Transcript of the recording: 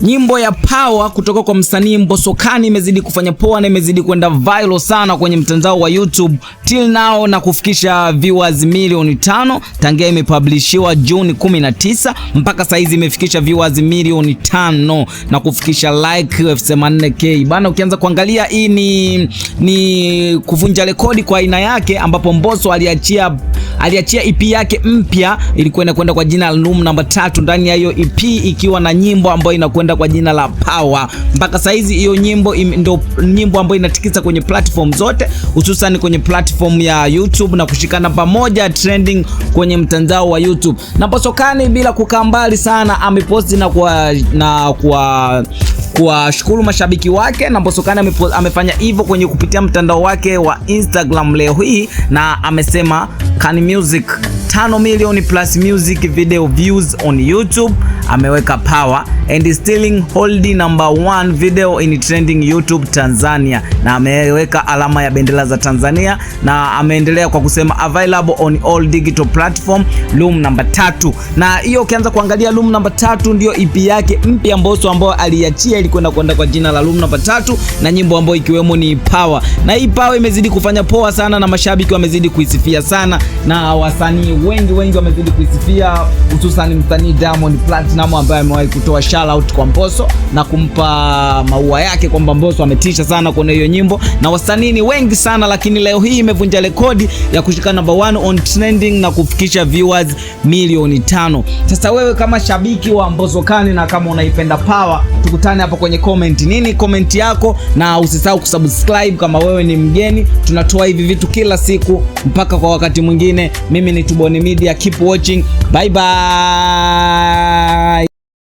Nyimbo ya Power kutoka kwa msanii Mbosokani imezidi kufanya poa na imezidi kwenda viral sana kwenye mtandao wa YouTube till now na kufikisha viewers milioni tano tangia imepublishiwa Juni 19 mpaka saizi imefikisha viewers milioni tano na kufikisha like 84k. Bana, ukianza kuangalia hii ni, ni kuvunja rekodi kwa aina yake ambapo Mbosso aliachia aliachia EP yake mpya ilikuwa inakwenda kwa jina la Room namba tatu, ndani ya hiyo EP ikiwa na nyimbo ambayo inakwenda kwa jina la Power. Mpaka saizi hiyo nyimbo ndio nyimbo ambayo inatikisa kwenye platform zote, hususan kwenye platform ya YouTube na kushikana pamoja trending kwenye mtandao wa YouTube. Na Posokani bila kukaa mbali sana ameposti na kwa na kwa kuwashukuru mashabiki wake na Posokani amefanya hivyo kwenye kupitia mtandao wake wa Instagram leo hii, na amesema Khan music 5 million plus music video views on YouTube. Ameweka power and still hold number 1 video in trending YouTube Tanzania, na ameweka alama ya bendera za Tanzania, na ameendelea kwa kusema available on all digital platform Loom number 3. Na hiyo ukianza kuangalia Loom number 3 ndio EP yake mpya Mbosso ambayo aliachia ilikwenda kwenda kwa jina la Loom number 3 na nyimbo ambayo ikiwemo ni Power, na hii Power imezidi kufanya poa sana na mashabiki wamezidi kuisifia sana na wasanii wengi wengi wamezidi kuisifia, hususan msanii Diamond Platinum ambaye amewahi kutoa shout out kwa Mbosso na kumpa maua yake kwamba Mbosso ametisha sana kwenye hiyo nyimbo, na wasanii ni wengi sana, lakini leo hii imevunja rekodi ya kushika number one on trending na kufikisha viewers milioni tano. Sasa wewe kama shabiki wa Mbosso kani na kama unaipenda Power, tukutane hapo kwenye comment. Nini comment yako, na usisahau kusubscribe kama wewe ni mgeni. Tunatoa hivi vitu kila siku mpaka kwa wakati mwingine. Mimi ni Tubo One Media. Keep watching. Bye bye.